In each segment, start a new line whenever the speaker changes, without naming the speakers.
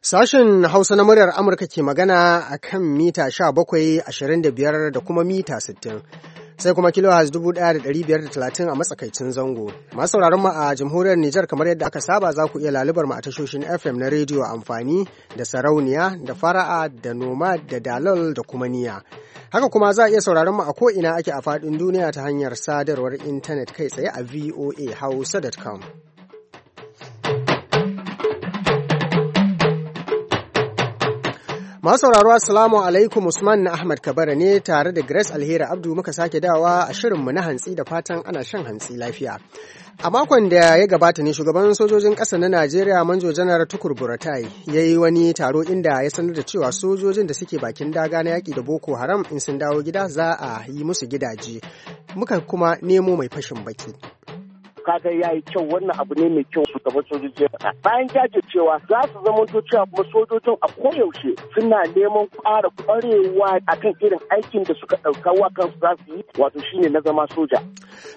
Sashen Hausa na muryar Amurka ke magana a kan mita 17, 25 da kuma mita 60. sai kuma kilohaz 1530 a matsakaicin zango. Masu sauraron mu a jamhuriyar Nijar kamar yadda aka saba za ku iya lalubar mu a tashoshin FM na rediyo amfani da sarauniya da fara'a da noma da dalal da kuma niya. Haka kuma za a iya sauraron mu a ko'ina ake a faɗin duniya ta hanyar sadarwar intanet kai tsaye a voahausa.com. Masu sauraro Assalamu alaikum Usman na Ahmad Kabara ne tare da Grace Alheri Abdu muka sake dawa a shirinmu na hantsi da fatan ana shan hantsi lafiya. A makon da ya gabata ne shugaban sojojin ƙasa na Najeriya Manjo Janar Tukur Buratai ya yi wani taro inda ya sanar da cewa sojojin da suke bakin daga na yaki da Boko Haram in sun dawo gida za a yi musu gidaje. Muka kuma nemo mai fashin baki.
Kaga ya yi kyau wannan abu ne mai kyau kamar sojoji bayan jajircewa za su zama cewa kuma sojojin a koyaushe suna neman ƙara ƙwarewa kan irin aikin da suka ɗauka wa kansu za su yi wato shine na zama
soja.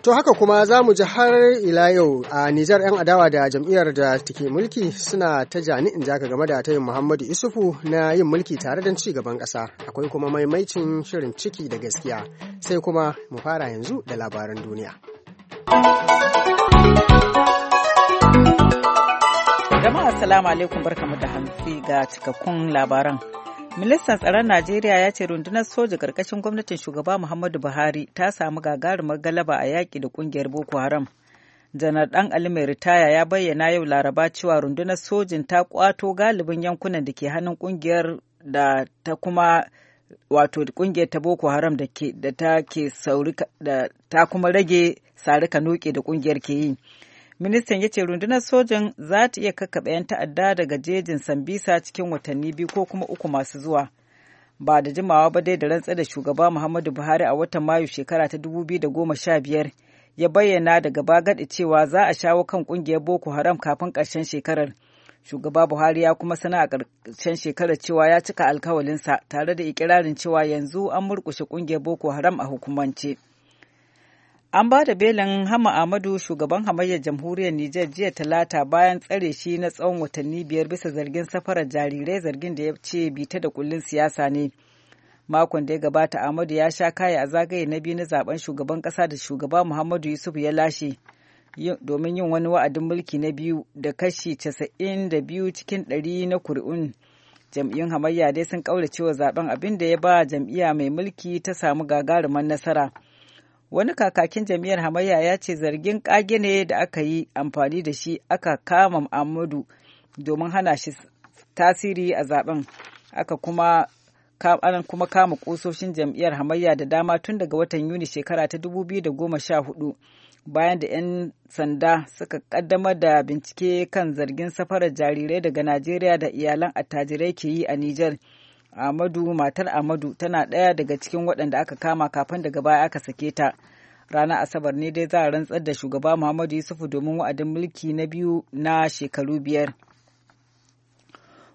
To haka kuma za mu ji har ila yau a Nijar 'yan adawa da jam'iyyar da take mulki suna ta in jaka game da tayin Muhammadu Isufu na yin mulki tare da ci gaban ƙasa. Akwai kuma maimaicin shirin ciki da gaskiya. Sai kuma mu fara yanzu
da labaran duniya. Jama'a assalamu alaikum barkamu da hantsi ga cikakkun labaran. Ministan tsaron Najeriya ya ce rundunar soja karkashin gwamnatin shugaba Muhammadu Buhari ta samu gagarumar galaba a yaƙi da ƙungiyar Boko Haram. Janar dan Ali mai ritaya ya bayyana yau Laraba cewa rundunar sojin ta kwato galibin yankunan da ke hannun ƙungiyar da ta kuma wato ƙungiyar ta Boko Haram da ta ke sauri da ta kuma rage sarika nuke da ƙungiyar ke yi. Ministan ya ce rundunar sojan za ta iya kakkaɓe 'yan ta'adda daga jejin Sambisa cikin watanni biyu ko kuma uku masu zuwa. Ba da jimawa ba dai da rantsa da shugaba Muhammadu Buhari a watan Mayu shekara ta dubu biyu da goma sha biyar, ya bayyana daga bagaɗi cewa za a shawo kan ƙungiyar Boko Haram kafin ƙarshen shekarar. Shugaba Buhari ya kuma sana a ƙarshen shekarar cewa ya cika alkawalinsa tare da ikirarin cewa yanzu an murƙushe ƙungiyar Boko Haram a hukumance. An ba da belin Hama Ahmadu shugaban hamayyar jamhuriyar Nijar jiya talata bayan tsare shi na tsawon watanni biyar bisa zargin safarar jarirai zargin da ya ce bita da kullun siyasa ne. Makon da ya gabata Ahmadu ya sha kaya a zagaye na biyu na zaben shugaban kasa da shugaba Muhammadu Yusuf ya lashe domin yin wani wa'adin mulki na biyu da kashi casa'in da biyu cikin ɗari na kuri'un jam'iyyun hamayya dai sun kaurace wa zaben abin da ya ba jam'iyya mai mulki ta samu gagarumar nasara. wani kakakin jami'ar hamayya ya ce zargin ƙage ne da aka yi amfani da shi aka kama amadu domin hana shi tasiri a zaben aka kuma an kuma kama kusoshin jam'iyyar hamayya da dama tun daga watan yuni shekara ta 2014 bayan da 'yan sanda suka kaddamar da bincike kan zargin safarar jarirai daga najeriya da iyalan attajirai ke yi a nijar Amadu matar Amadu tana ɗaya daga cikin waɗanda aka kama kafin daga baya aka sake ta. Ranar Asabar ne dai za a rantsar da shugaba Muhammadu Yusufu domin wa'adin mulki na biyu na shekaru biyar.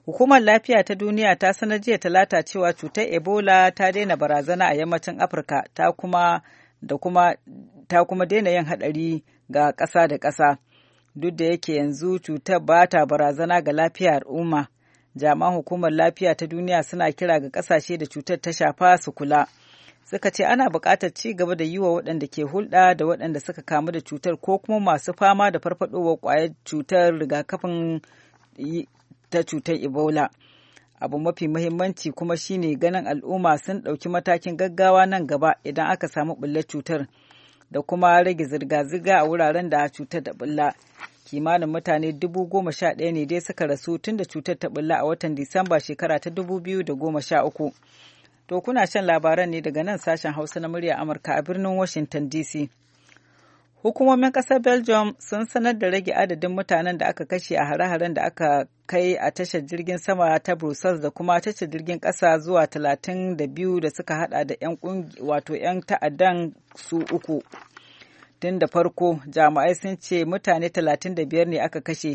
Hukumar Lafiya ta Duniya ta sanar jiya talata cewa cutar Ebola ta daina barazana a yammacin Afirka ta kuma da ta kuma daina yin haɗari ga ƙasa da ƙasa. Duk da yake yanzu cutar ba ta barazana ga lafiyar Umma. jami'an hukumar lafiya ta duniya suna kira ga kasashe da cutar ta shafa su kula suka ce ana bukatar ci gaba da yi wa waɗanda ke hulɗa da waɗanda suka kamu da cutar ko kuma masu fama da farfadowar ƙwayar cutar rigakafin ta cutar ebola abu mafi muhimmanci kuma shine ganin al'umma sun ɗauki matakin gaggawa nan gaba idan aka samu ɓullar cutar da kuma rage zirga-zirga a wuraren da cutar da ɓulla kimanin mutane dubu goma sha ɗaya ne dai suka rasu tun da cutar ta bulla a watan disamba shekara ta dubu biyu da goma sha uku to kuna shan labaran ne daga nan sashen hausa na murya amurka a birnin washington dc hukumomin ƙasar belgium sun sanar da rage adadin mutanen da aka kashe a hare-haren da aka kai a tashar jirgin sama ta brussels da kuma tashar jirgin ƙasa zuwa 32 da suka hada da 'yan wato 'yan ta'addan su uku tun da farko jami'ai sun ce mutane 35 ne aka kashe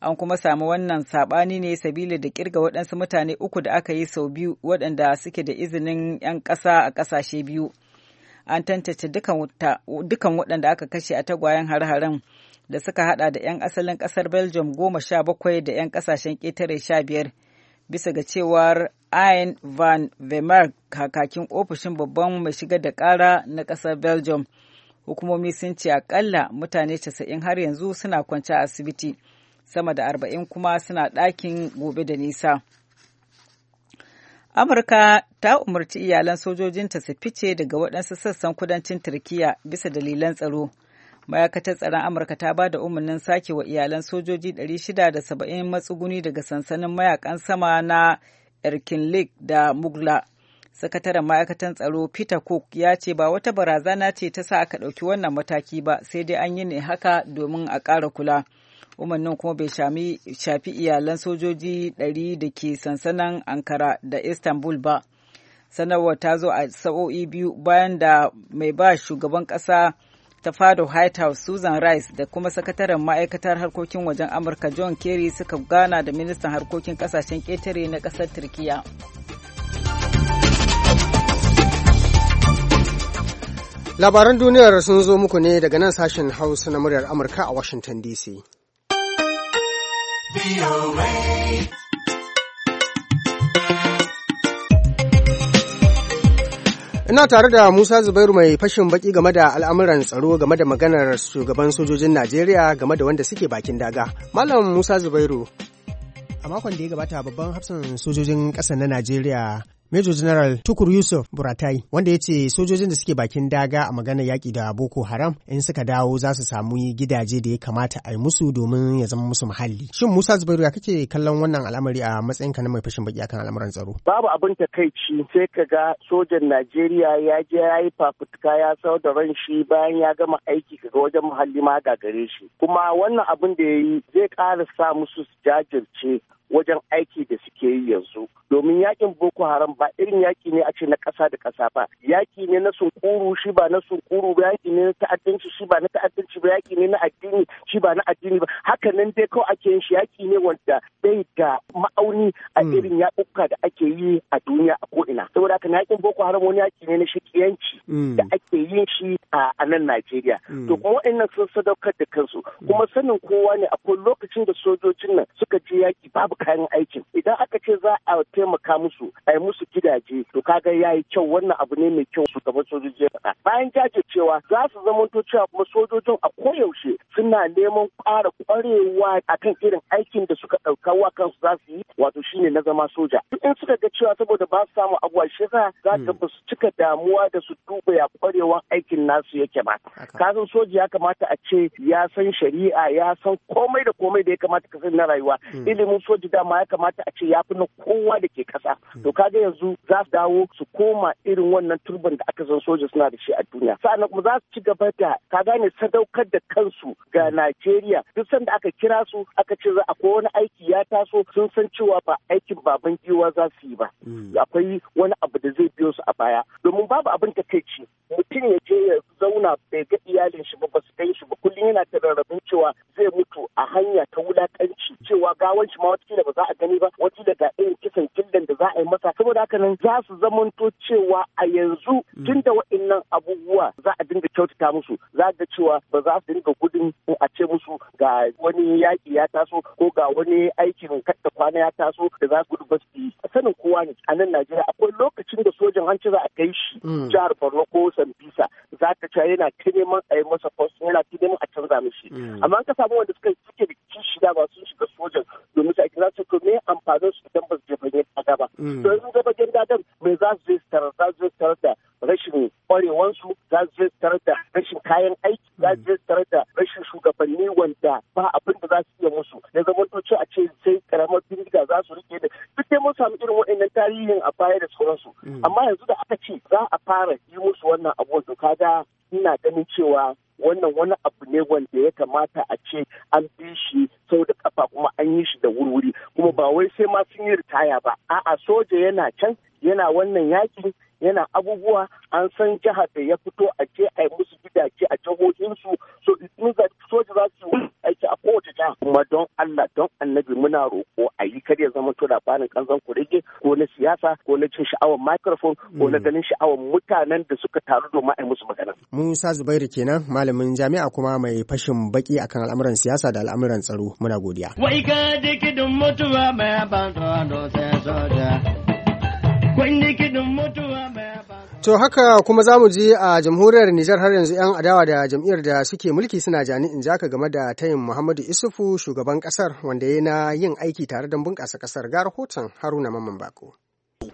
an kuma sami wannan sabani ne sabili da kirga waɗansu mutane uku da aka yi sau biyu waɗanda suke da izinin 'yan ƙasa a ƙasashe biyu an tantance dukan waɗanda aka kashe a tagwayen har-haren da suka hada da 'yan asalin ƙasar belgium goma sha bakwai da 'yan ƙasashen ƙetare sha biyar bisa ga cewar Ein van Vermeer kakakin ofishin babban mai shiga da ƙara na ƙasar Belgium. hukumomi sun ce akalla mutane 90 har yanzu suna kwanci a asibiti sama da 40 kuma suna ɗakin gobe da nisa amurka ta umarci iyalan sojojinta su fice daga waɗansu sassan kudancin turkiya bisa dalilan tsaro ma'aikatar tsaron amurka ta ba da umarnin sake wa iyalan sojoji 670 matsuguni daga sansanin mayakan sama na erkin lake da mugla sakataren ma'aikatan tsaro peter cook ya ce ba wata barazana ce ta sa aka ɗauki wannan mataki ba sai dai an yi ne haka domin a ƙara kula umarnin kuma bai shafi iyalan sojoji ɗari da ke sansanin ankara da istanbul ba sanarwar ta zo a sa'o'i biyu bayan da mai ba shugaban ƙasa ta fado white house susan rice da kuma sakataren ma'aikatar harkokin wajen amurka john kerry suka gana da ministan harkokin ƙasashen ƙetare na ƙasar turkiyya.
Labaran duniyar sun zo muku ne daga nan sashen Hausa na muryar Amurka a Washington DC. Ina tare da Musa Zubairu mai fashin baki game da al'amuran tsaro game da maganar shugaban sojojin Najeriya game da wanda suke bakin daga. Malam Musa Zubairu. A makon da ya gabata babban hafsan sojojin ƙasa na Najeriya Major General Tukur Yusuf Buratai wanda ya ce sojojin da suke bakin daga a magana yaƙi da Boko Haram in suka dawo za su samu gidaje da ya kamata a yi musu domin ya zama musu muhalli. Shin Musa Zubairu ya kake kallon wannan al'amari a ka na mai fashin baki akan al'amuran tsaro?
Babu abin
takaici sai ka ga sojan Najeriya ya je ya yi fafutuka ya sau da ran shi bayan ya gama aiki kaga wajen muhalli ma gagare shi. Kuma wannan abin da ya yi zai ƙara sa musu jajirce wajen aiki da suke yi yanzu domin yakin boko haram ba irin yaki ne a ce na ƙasa da ƙasa ba yaki ne na sunkuru shi ba na sunkuru ba yaki ne na ta'addanci shi ba na ta'addanci ba yaki ne na addini shi ba na addini ba haka nan dai kawai ake yin shi yaki ne wanda bai da ma'auni a hmm. irin yakuka da ake yi a duniya a ko'ina saboda haka yakin boko haram wani yaki ne na shirkiyanci hmm. da ake yin shi a nan najeriya hmm. to kuma wa'annan sun sadaukar da kansu kuma sanin kowa ne akwai lokacin da sojojin nan suka je yaki babu kayan aikin idan aka ce za a taimaka musu a yi musu gidaje to kaga yi kyau wannan abu ne mai kyau su gaban sojoji ya faɗa bayan jajircewa za su zamanto cewa kuma sojojin a koyaushe suna neman ƙara ƙwarewa kan irin aikin da suka ɗauka wa kansu za su yi wato shine na zama soja in suka ga cewa saboda ba su samu abuwa shi za ta hmm. ba su cika damuwa da su duba ya aikin nasu yake ba kasan soja ya kamata a ce ya san shari'a ya san komai da komai da ya kamata ka san na rayuwa hmm. ilimin soja dama ya kamata a ce ya fi na kowa da ke ƙasa hmm. to kaga yanzu za su dawo su koma irin wannan turban da aka san soja suna da shi a duniya sa'annan kuma za su ci gaba da ka gane sadaukar da kansu ga Najeriya duk sanda aka kira su aka ce akwai wani aiki ya taso sun san cewa ba aikin baban giwa za su yi ba hmm. akwai wani abu da zai biyo su a baya domin babu abin takaici mutum ya je ya zauna bai ga iyalin shi ba su gan shi ba kullum yana ta rarrabin cewa zai mutu a hanya ta wulakanci cewa gawan shi ma watakila ba za a gani ba wata daga irin kisan da za a yi masa saboda haka nan za su zamanto cewa a yanzu mm. tun da wa'annan abubuwa za a dinga kyautata musu za ga cewa ba za su dinga gudun a ce musu ga wani yaƙi ya taso ko ga wani aikin kaɗa kwana ya taso da za su gudu ba su yi. sanin kowa ne a nan Najeriya akwai lokacin da sojan hanci za a kai shi mm. jihar Borno ko Sambisa za ka cewa yana ta neman a yi masa kwas. yana ta neman a canza mishi mm. amma an ka samu wanda suka suke da kishi da ba sun shiga sojan domin su ake za su to me amfanin su ba. Mm. to yanzu ga bakin dadan me za su je su za su je da rashin kwarewansu za su je su tarar da rashin kayan aiki za su je su da rashin shugabanni wanda ba abin da za su iya musu ya zama to a ce karamar bindiga za su rike da duk dai mun samu irin waɗannan tarihin a baya da sauransu mm. amma yanzu da aka ce za a fara yi musu wannan abubuwan to kaga ina ganin cewa wannan wani abu ne wanda ya kamata a ce an bi shi sau da kafa kuma an yi shi da wurwuri kuma ba wai sai ma sun yi ritaya ba a'a soja yana can yana wannan yakin yana abubuwa an san jihar da ya fito a ce a yi musu gidaje a jihohinsu so soja za su a kowace jiha kuma don Allah don annabi muna roƙo a yi kar ya zama to labarin kanzan kurege ko na siyasa ko na cin sha'awar microphone ko na mm. ganin sha'awar mutanen da suka taru domin a musu magana.
Musa Zubairu kenan malamin jami'a kuma mai fashin baki akan al'amuran siyasa da al'amuran tsaro muna godiya.
Wai ka dikidin mutuwa mai ban tsoro sai soja.
To haka kuma za mu je a jamhuriyar Nijar har yanzu 'yan adawa da jam'iyyar da suke mulki suna jani in jaka game da tayin Muhammadu Isufu shugaban kasar wanda ya na yin aiki tare don bunƙasa kasar ga rahoton Haruna Mamman Bako.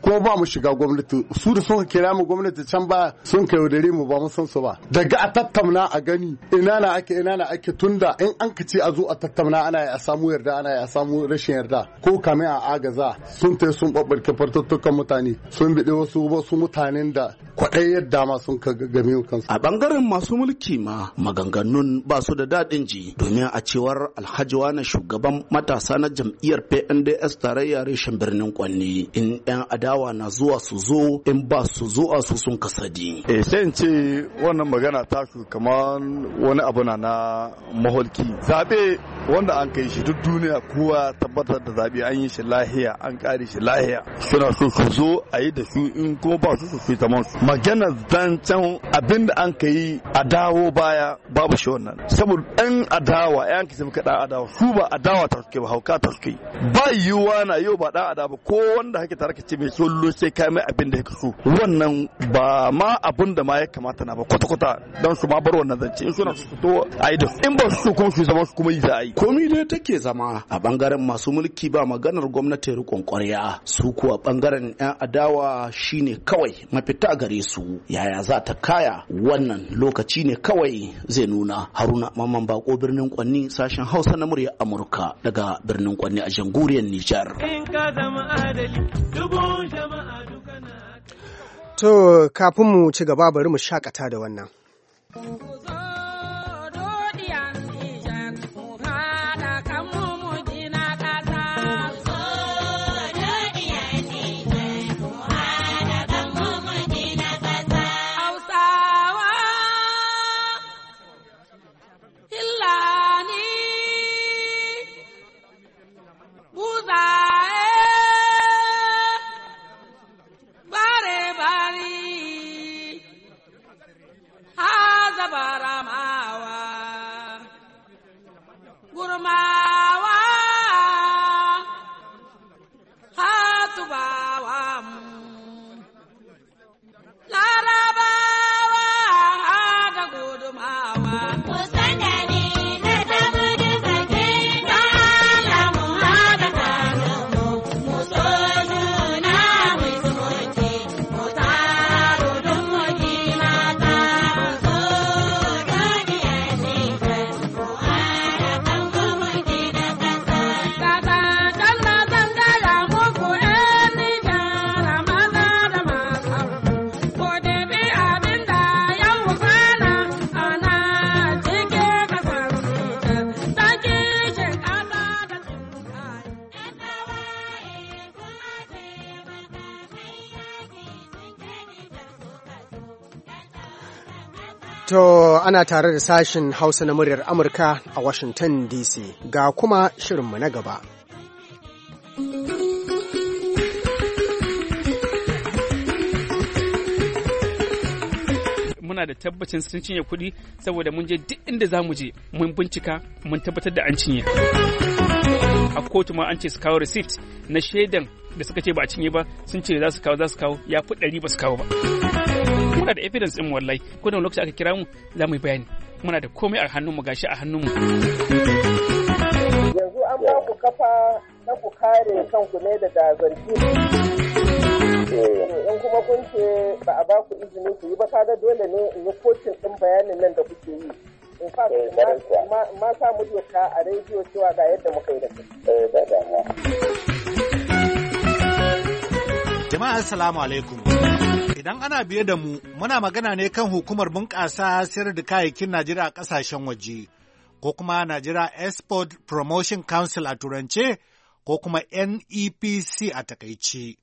ko ba mu shiga gwamnati su da suka kira mu gwamnati can ba sun kai wadare mu ba mu san su ba daga a tattauna a gani ina na ake ina na ake tunda in an ka ce a zo a tattauna ana a samu yarda ana a samu rashin yarda ko kame a agaza sun tai sun babbarke fartattukan mutane sun bide wasu wasu mutanen da kwadai yadda ma sun ka game kansu a bangaren masu
mulki ma maganganun ba su da dadin ji domin a cewar alhaji wani shugaban matasa na jam'iyyar pnds tarayya reshen birnin kwanni in 'yan adawa na zuwa
su zo in ba su zuwa su sun kasadi. E eh, sai in ce wannan magana ta su kamar wani abu na na maholki. Zabe wanda an kai shi duk duniya kowa tabbatar da zabe an yi shi lahiya an kare shi lahiya
suna so su
zo a yi da su in ko ba su su fi ta masu. Magana zancen abin da an kai a dawo baya babu shi wannan. Saboda ɗan adawa yan kisa muka ɗan adawa su ba adawa ta suke ba hauka ta suke. Ba yiwuwa na yau ba ɗan adawa ko wanda hake tare ka ce mai sollo sai ka mai abin da ya so wannan ba ma abin da ma ya kamata na ba kwata kwata don su ma bar wannan zance in suna su fito a da in ba su kuma su zama su kuma yi za a yi komi ne take zama
a bangaren masu mulki ba maganar gwamnati rikon kwarya su kuwa bangaren yan adawa shine kawai mafita gare su yaya za ta kaya wannan lokaci ne kawai zai nuna haruna mamman bako birnin kwanni sashen hausa na murya amurka daga birnin kwanni a jamhuriyar nijar
To, kafin mu ci gaba bari mu shakata da wannan. ana tare da sashin Hausa na muryar Amurka a Washington DC ga kuma shirinmu na
gaba. muna da tabbacin sun cinye kuɗi saboda mun je duk inda za mu je mun bincika mun tabbatar da an cinye a kotu ma an ce su kawo receipt na shaidan da suka ce ba a cinye ba sun ce za su kawo za su kawo ya fi ɗari ba su kawo ba muna da evidence ɗin wallahi ko da lokaci aka kira mu za mu yi bayani muna da komai a hannun mu gashi a hannun mu
yanzu an ba
ku kafa na ku kare kanku ne daga zargi eh, in kuma kun ce ba a ba ku izini ku yi ba kaga dole ne in yi kocin ɗin bayanin nan da kuke yi in fa eh, ma sa mu doka a rediyo cewa ga yadda muka yi da kai eh,
Jama'a Assalamu alaikum. Idan ana biye da mu, muna magana ne kan hukumar bunƙasa sayar da kayayyakin Najeriya a ƙasashen waje, ko kuma Najeriya Export Promotion Council a Turance, ko kuma NEPC a takaice.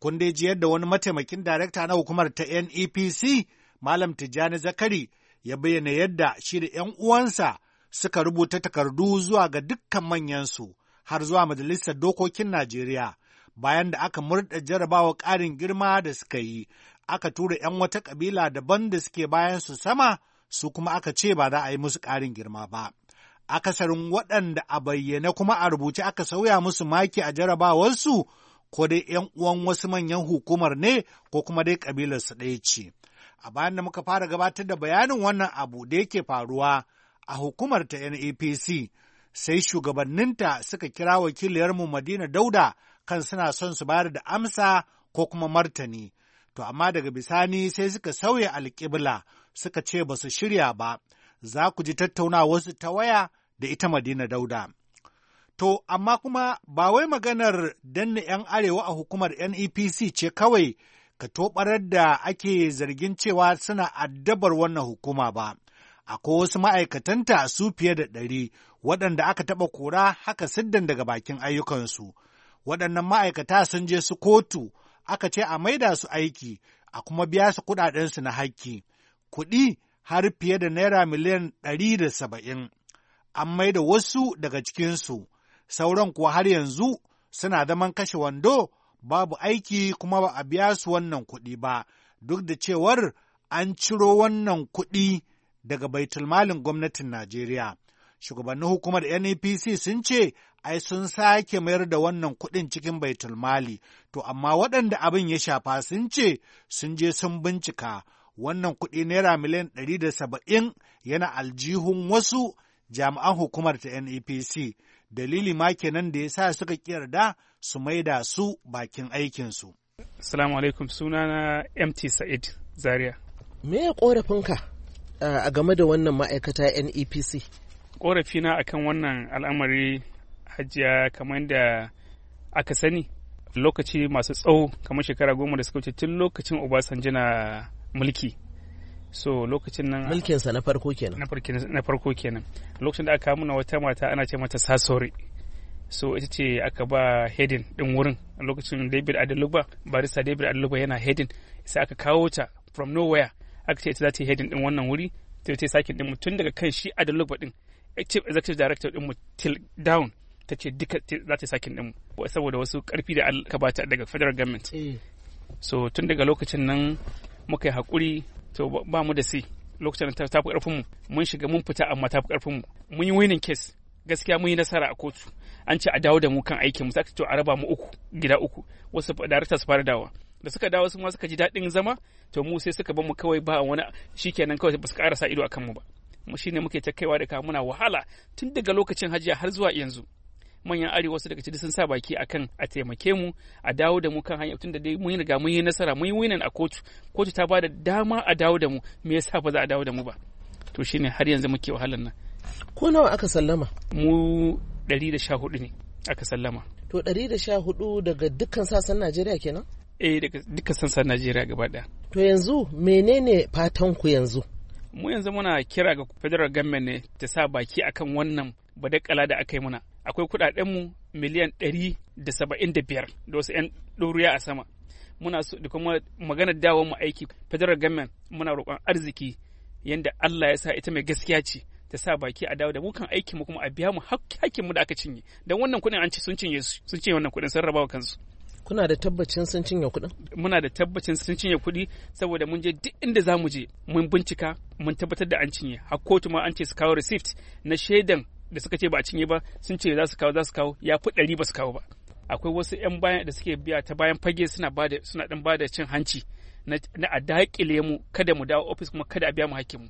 Kun dai ji yadda wani mataimakin darakta na hukumar ta NEPC, Malam Tijjani Zakari, ya bayyana yadda shi da 'yan uwansa suka rubuta takardu zuwa ga dukkan manyansu har zuwa Majalisar Dokokin Najeriya. bayan da aka murɗa jarabawa ƙarin girma da suka yi, aka tura ‘yan wata ƙabila daban da suke bayan su sama, su kuma aka ce ba za a yi musu ƙarin girma ba. Akasarin waɗanda a bayyane kuma a rubuce aka sauya musu maki a jarabawarsu, ko dai ‘yan uwan wasu manyan hukumar ne, ko kuma dai ƙabilarsu ɗaya ce. A bayan da muka fara gabatar da bayanin wannan abu da yake faruwa a hukumar ta NAPC, sai shugabanninta suka kira wakiliyarmu Madina Dauda kan suna son su bayar da amsa ko kuma martani. To amma daga bisani sai suka sauya alƙibla suka ce ba su shirya ba, za ku ji tattauna wasu ta waya da ita Madina Dauda. To, amma kuma ba wai maganar danna 'yan arewa a hukumar NEPC ce kawai ka toɓarar da ake zargin cewa suna addabar wannan hukuma ba. Akwai wasu ma'aikatanta su fiye da ɗari waɗanda aka taɓa kora haka siddan daga bakin ayyukansu. waɗannan ma'aikata sun je su kotu aka ce a maida su aiki a kuma biya su kuɗaɗensu na hakki kuɗi har fiye da naira miliyan ɗari da saba'in an maida wasu daga cikinsu sauran kuwa har yanzu suna zaman kashe wando babu aiki kuma ba a biya su wannan kuɗi ba duk da cewar an ciro wannan kuɗi daga baitulmalin gwamnatin Najeriya. shugabannin hukumar NEPC sun ce ai sun sake mayar da wannan kuɗin cikin baitul mali to amma waɗanda abin ya shafa sun ce sun je sun bincika wannan kuɗi naira miliyan ɗari da saba'in yana aljihun wasu jami'an hukumar ta NEPC dalili ma kenan da ya sa suka yarda su maida su bakin aikinsu. Salamu alaikum
sunana MT Sa'id Zaria. Me ya ƙorafinka a game da wannan ma'aikata NEPC? korafina akan wannan al'amari hajiya kamar da aka sani lokaci masu tsawo kamar shekara goma da suka wuce tun lokacin obasanjo na mulki so lokacin nan
mulkinsa na farko
kenan na farko kenan lokacin da aka muna wata mata ana ce mata sasori so ita ce aka ba hedin din wurin lokacin david adeluba barista david adeluba yana hedin sai aka kawo ta from nowhere aka ce ita za ta yi hedin din wannan wuri ta ta sakin din tun daga kan shi adaluba. din chief executive director din mu till down ta ce duka za ta sakin din mu saboda wasu karfi da aka bata daga federal government eh. so tun daga lokacin nan muka yi hakuri to ba mu da si lokacin da ta fi karfin mu mun shiga mun fita amma ta fi karfin mu mun yi winning case gaskiya mun yi nasara a kotu an ce a dawo da mu kan aikin mu saka to a raba mu uku gida uku wasu darakta su fara dawa da suka dawo su ma suka ji daɗin zama to mu sai suka bar mu kawai ba wani shikenan kawai ba su ƙara sa ido akan mu ba ne muke ta kaiwa da muna wahala tun daga lokacin hajiya har zuwa yanzu manyan arewa su daga ciki sun sa baki akan a taimake mu a dawo da mu kan hanya tun da dai mun riga mun yi nasara mun yi winan a kotu kotu ta bada dama a dawo da mu me yasa ba za a dawo da mu ba to shine har yanzu muke wahalan nan ko nawa aka sallama mu 114 ne aka sallama to 114 daga dukkan sassan Najeriya kenan eh daga dukkan sassan Najeriya gaba daya to yanzu menene fatan ku yanzu mu yanzu muna kira ga federal government ne ta sa baki akan wannan badakala da aka yi muna akwai kudadenmu miliyan ɗari da saba'in da biyar da wasu 'yan ɗoriya a sama muna so da kuma maganar dawon mu aiki federal government muna roƙon arziki yanda Allah ya sa ita mai gaskiya ce ta sa baki a dawo da mukan aikin mu kuma a biya mu hakkin mu da aka cinye dan wannan kuɗin an ci sun cinye sun cinye wannan kuɗin sun rabawa kansu kuna da tabbacin sun cinye kuɗin muna da tabbacin sun cinye kuɗi saboda mun je duk inda za mu je mun bincika mun tabbatar da an cinye har kotu ma an ce su kawo receipt na shaidan da suka ce ba a cinye ba sun ce za su kawo za su kawo ya fi ɗari ba su kawo ba akwai wasu 'yan bayan da suke biya ta bayan fage suna bada suna dan bada cin hanci na a daƙile mu kada mu dawo ofis kuma kada a biya mu hakkin mu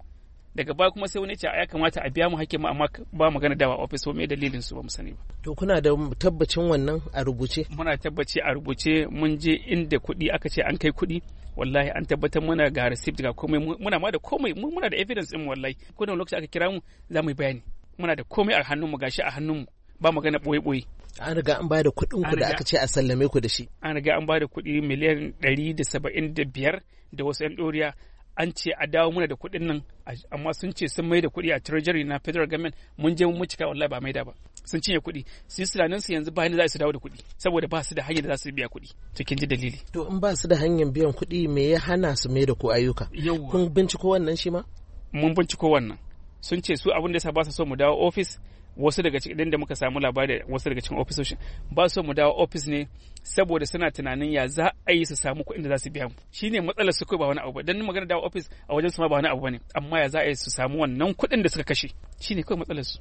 daga baya kuma sai wani ce ya kamata a biya mu hakkin amma ba magana dawa ofis me dalilin su ba mu sani ba to kuna da tabbacin wannan a rubuce muna tabbaci a rubuce mun je inda kuɗi aka ce an kai kuɗi wallahi an tabbatar muna ga receipt ga komai muna ma da komai muna da evidence din wallahi ko da lokaci aka kira mu za mu yi bayani muna da komai a hannun mu gashi a hannun mu ba magana boye boye an riga an bada kuɗin ku da aka ce a sallame ku da shi an riga an bada kuɗi miliyan ɗari da saba'in da biyar da wasu 'yan ɗoriya an ce a dawo muna da kuɗin nan amma sun ce sun mai da kuɗi a treasury na federal government mun je mun cika wallahi ba mai da ba sun cinye kuɗi yi silanin su yanzu bayan da za su dawo da kuɗi saboda ba su da hanyar da za su biya kuɗi to kin ji dalili
to in ba su da hanyar
biyan kuɗi me ya hana su mai da ku ayyuka kun binciko wannan shi ma mun binciko wannan sun ce su abin da ya sa ba su so mu dawo office wasu daga cikin da muka samu labari wasu daga cikin ofisoshin ba su mu dawo ofis ne saboda suna tunanin ya za a yi su samu kuɗin da za su biya mu shine matsalar su kai ba wani abu ba dan magana dawo ofis a wajen su ma ba wani abu bane amma ya za a yi su samu wannan kuɗin da suka kashe shine kawai matsalar su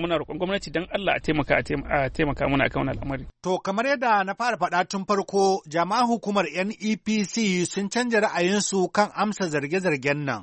muna roƙon gwamnati dan Allah a taimaka a taimaka muna
akan wannan al'amari to kamar yadda na fara faɗa tun farko jama'a hukumar NEPC sun canja ra'ayinsu kan amsa zarge-zargen nan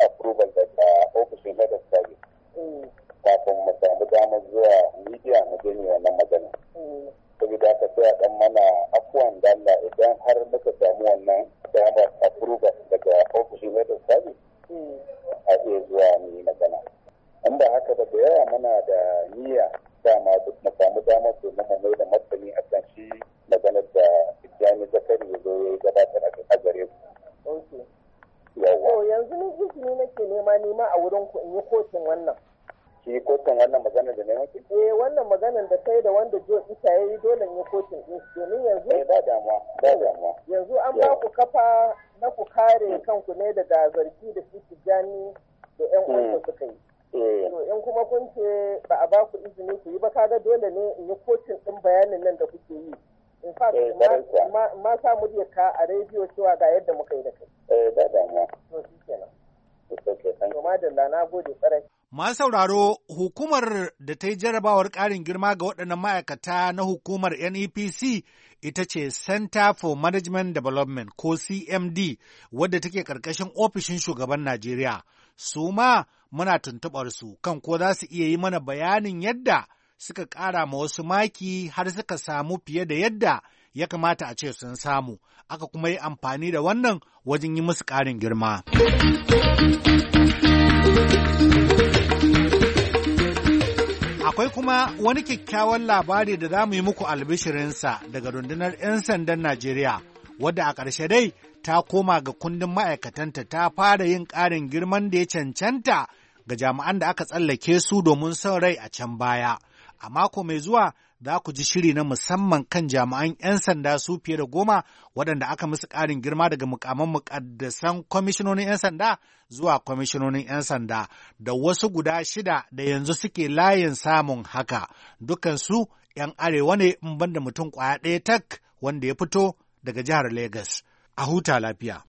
approval
ma sa muryar ka a rediyo cewa ga yadda muka yi da kai. Eh da To shi kenan. To
madalla na gode Masu sauraro, hukumar da ta yi jarabawar ƙarin girma ga waɗannan ma'aikata na hukumar NEPC ita ce Center for Management Development ko CMD wadda take ƙarƙashin ofishin shugaban Najeriya. Su ma muna tuntuɓar su kan ko za su iya yi mana bayanin yadda suka ƙara ma wasu maki har suka samu fiye da yadda ya kamata a ce sun samu, aka kuma yi amfani da wannan wajen yi musu ƙarin girma. Akwai kuma wani kyakkyawan labari da za mu yi muku albishirinsa daga rundunar 'yan sandan Najeriya, wadda a ƙarshe dai ta koma ga kundin ma'aikatanta ta fara yin ƙarin girman da ya cancanta ga jami'an da aka tsallake su domin son rai a can baya. A mako mai zuwa za ku ji shiri na musamman kan jami'an 'yan sanda su fiye da goma waɗanda aka musu ƙarin girma daga mukaman muƙaddasan kwamishinonin 'yan sanda zuwa kwamishinonin 'yan sanda da wasu guda shida da yanzu suke layin samun haka dukansu 'yan arewa ne in banda mutum kwaya ɗaya tak wanda ya fito daga jihar Legas. A huta lafiya.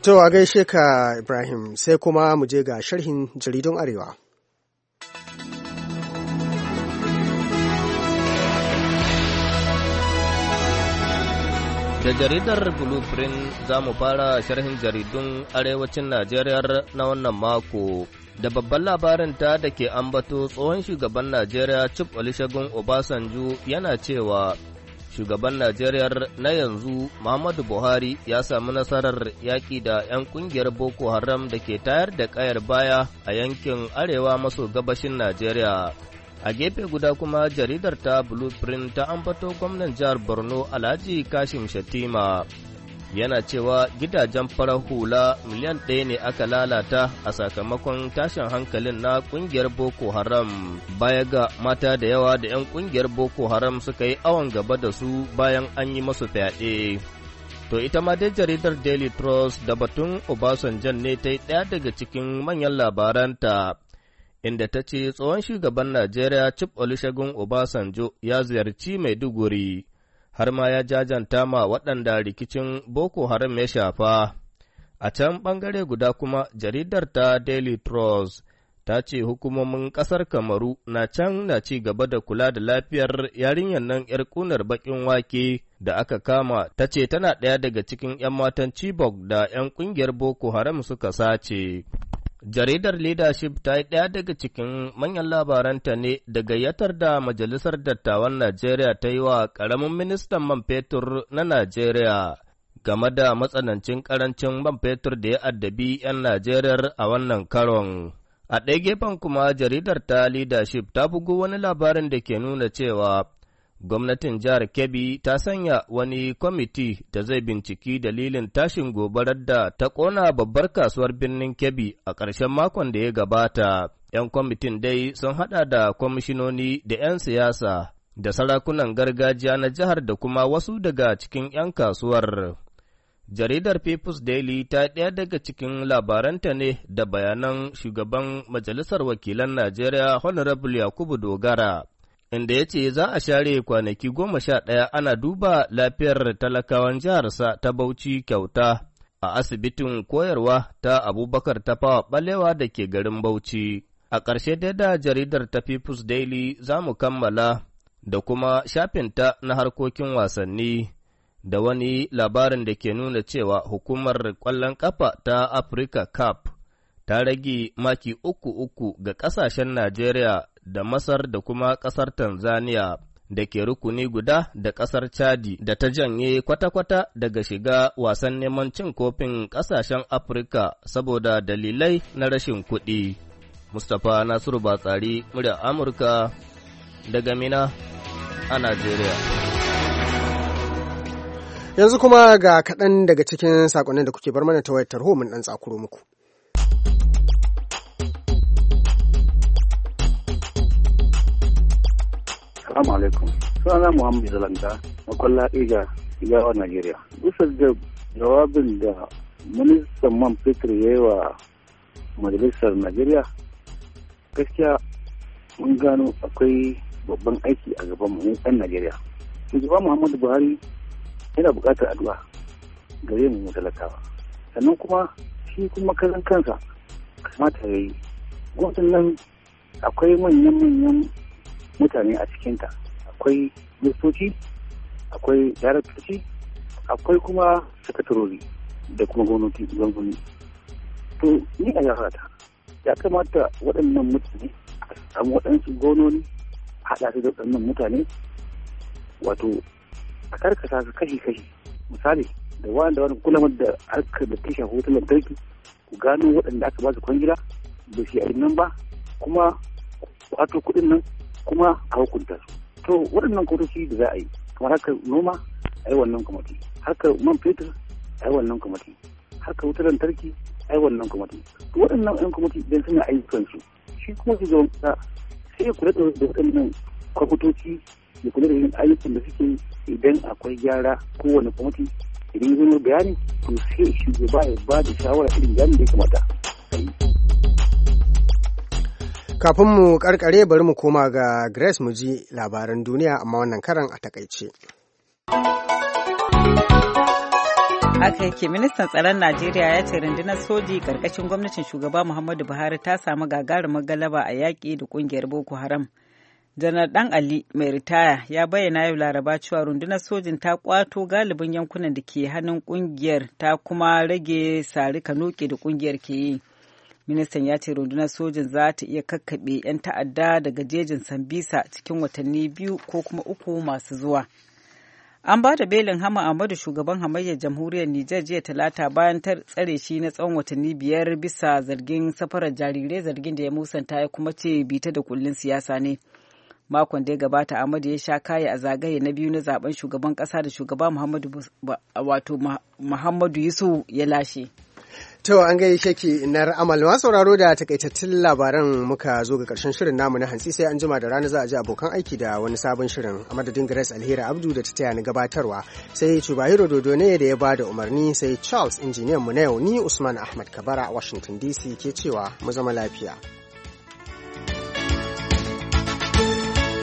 To a gaishe ka Ibrahim sai kuma mu je ga sharhin jaridun Arewa.
Da jaridar Blueprint za mu fara sharhin jaridun Arewacin Najeriya na wannan mako. Da babban labarin ta da ke ambato tsohon shugaban Najeriya Chief Olusegun Obasanjo yana cewa shugaban Najeriya na yanzu Muhammadu Buhari ya samu nasarar yaƙi da 'yan ƙungiyar Boko Haram da ke tayar da ƙayar baya a yankin arewa maso gabashin Najeriya. A gefe guda kuma jaridar ta Blueprint ta ambato gwamnan jihar Borno Alhaji Kashim Shatima yana cewa gidajen farar hula miliyan ɗaya ne aka lalata a sakamakon tashin hankalin na ƙungiyar Boko Haram baya ga mata da yawa da 'yan ƙungiyar Boko Haram suka yi awon gaba da su bayan an yi masu fyaɗe. To ita ma dai jaridar Daily Trust da batun Obasanjan ne ta yi ɗaya daga cikin manyan labaranta inda ta ce tsohon shugaban Najeriya Chip Olusegun Obasanjo ya ziyarci Maiduguri har ma ya jajanta ma waɗanda rikicin Boko Haram ya shafa. A can ɓangare guda kuma jaridar ta Daily Trust ta ce hukumomin ƙasar Kamaru na can na ci gaba da kula da lafiyar yarinyar nan 'yar kunar baƙin wake da aka kama ta ce tana ɗaya daga cikin 'yan matan Chibok da 'yan ƙungiyar Boko Haram suka sace. Jaridar Leadership ta yi ɗaya daga cikin manyan labaranta ne da gayyatar da Majalisar Dattawan Najeriya ta yi wa ƙaramin ministan man fetur na Najeriya game da matsanancin ƙarancin man fetur da ya addabi 'yan Najeriyar a wannan karon. A ɗaya gefen kuma jaridar ta Leadership ta bugu wani labarin da ke nuna cewa gwamnatin jihar Kebbi ta sanya wani kwamiti da zai binciki dalilin tashin gobarar da ta ƙona babbar kasuwar birnin Kebbi a ƙarshen makon da ya gabata. ‘Yan kwamitin dai sun haɗa da kwamishinoni da ‘yan siyasa da sarakunan gargajiya na jihar da kuma wasu daga cikin ‘yan kasuwar. Jaridar People's Daily ta ɗaya daga cikin labaranta ne da bayanan shugaban Majalisar Wakilan Najeriya Honorable Yakubu Dogara, inda ya ce za a share kwanaki goma sha ɗaya ana duba lafiyar talakawan jiharsa ta Bauchi kyauta a asibitin koyarwa ta Abubakar Tafawa Balewa da ke garin Bauchi. A ƙarshe dai da jaridar ta People's Daily za mu kammala da kuma shafinta na harkokin wasanni da wani labarin da ke nuna cewa hukumar ƙwallon ƙafa ta Africa Cup ta rage maki uku uku ga ƙasashen Najeriya da Masar da kuma ƙasar Tanzania da ke rukuni guda da ƙasar Chadi da ta janye kwata-kwata daga shiga wasan neman cin kofin ƙasashen Afirka saboda dalilai na rashin kuɗi. Mustapha Nasiru Batsari, murya Amurka daga Mina a Najeriya.
Yanzu kuma ga kaɗan daga cikin saƙonin da kuke bar mana ta wayar tarho mun ɗan tsakuro muku.
Assalamu alaikum. Sunana Muhammadu Zalanta, makwalla Ija, Igawa, Najeriya. Bisa da jawabin da ministan man fetur ya yi wa majalisar Najeriya, gaskiya mun gano akwai babban aiki a gaban mu ɗan Najeriya. Shugaba Muhammadu Buhari yana buƙatar addu'a gare mu talakawa. Sannan kuma shi kuma karan kansa kamata ya yi. Gwamnatin nan akwai manyan-manyan mutane a cikinta akwai ministoci akwai daraktoci akwai kuma sakatarori da kuma gwamnati gwamnati to ni a yarata ya kamata waɗannan mutane a samu waɗansu gononi haɗa su da waɗannan mutane wato a karkasa su kashi-kashi misali da wani da wani kulamar da aka da ta shafi wutar lantarki ku gano waɗanda aka ba su kwangila ba su yi nan ba kuma wato kuɗin nan kuma a hukunta su to waɗannan kotoci da za a yi kamar haka noma a yi wannan kwamati haka man fetur a yi wannan kwamati haka wutar lantarki a yi wannan kwamati waɗannan ɗan kwamati idan suna su shi kuma su zama kasa sai ya kula da waɗannan kwakwatoci ya kula da yin ayyukan da suke idan akwai gyara kowane kwamati idan ya zama bayani to sai shugaba ya ba da shawara irin gyaran da ya kamata
Kafin mu karkare bari mu koma ga Grace mu ji labaran duniya amma wannan karan a takaice.
Aka yake ministan tsaron Najeriya ya ce rundunar soji karkashin gwamnatin shugaba Muhammadu Buhari ta samu gagarumar galaba a yaƙi da ƙungiyar Boko Haram. Janar Dan Ali mai ritaya ya bayyana yau laraba cewa rundunar sojin ta kwato galibin yankunan da ke hannun ƙungiyar ta kuma rage sari kanoke da ƙungiyar ke yi. ministan ya ce rundunar sojin za ta iya kakkaɓe 'yan ta'adda daga jejin sambisa cikin watanni biyu ko kuma uku masu zuwa an ba da belin hama amadu shugaban hamayyar jamhuriyar nijar jiya talata bayan tsare shi na tsawon watanni biyar bisa zargin safarar jarirai zargin da ya musanta ya kuma ce bita da kullun siyasa ne makon da ya gabata amadu ya sha kaya a zagaye na biyu na zaben shugaban kasa da shugaba muhammadu wato muhammadu yusuf ya lashe To an gaishe ki na amal
ma sauraro da takaitattun labaran muka zo ga karshen shirin namu na hantsi sai an jima da rana za a ji abokan aiki da wani sabon shirin a madadin Grace Alheri Abdu da ta taya ni gabatarwa sai Tubahiro Dodo ne da ya ba da umarni sai Charles injiniyan mu na yau ni Usman Ahmad Kabara Washington DC ke cewa mu zama lafiya.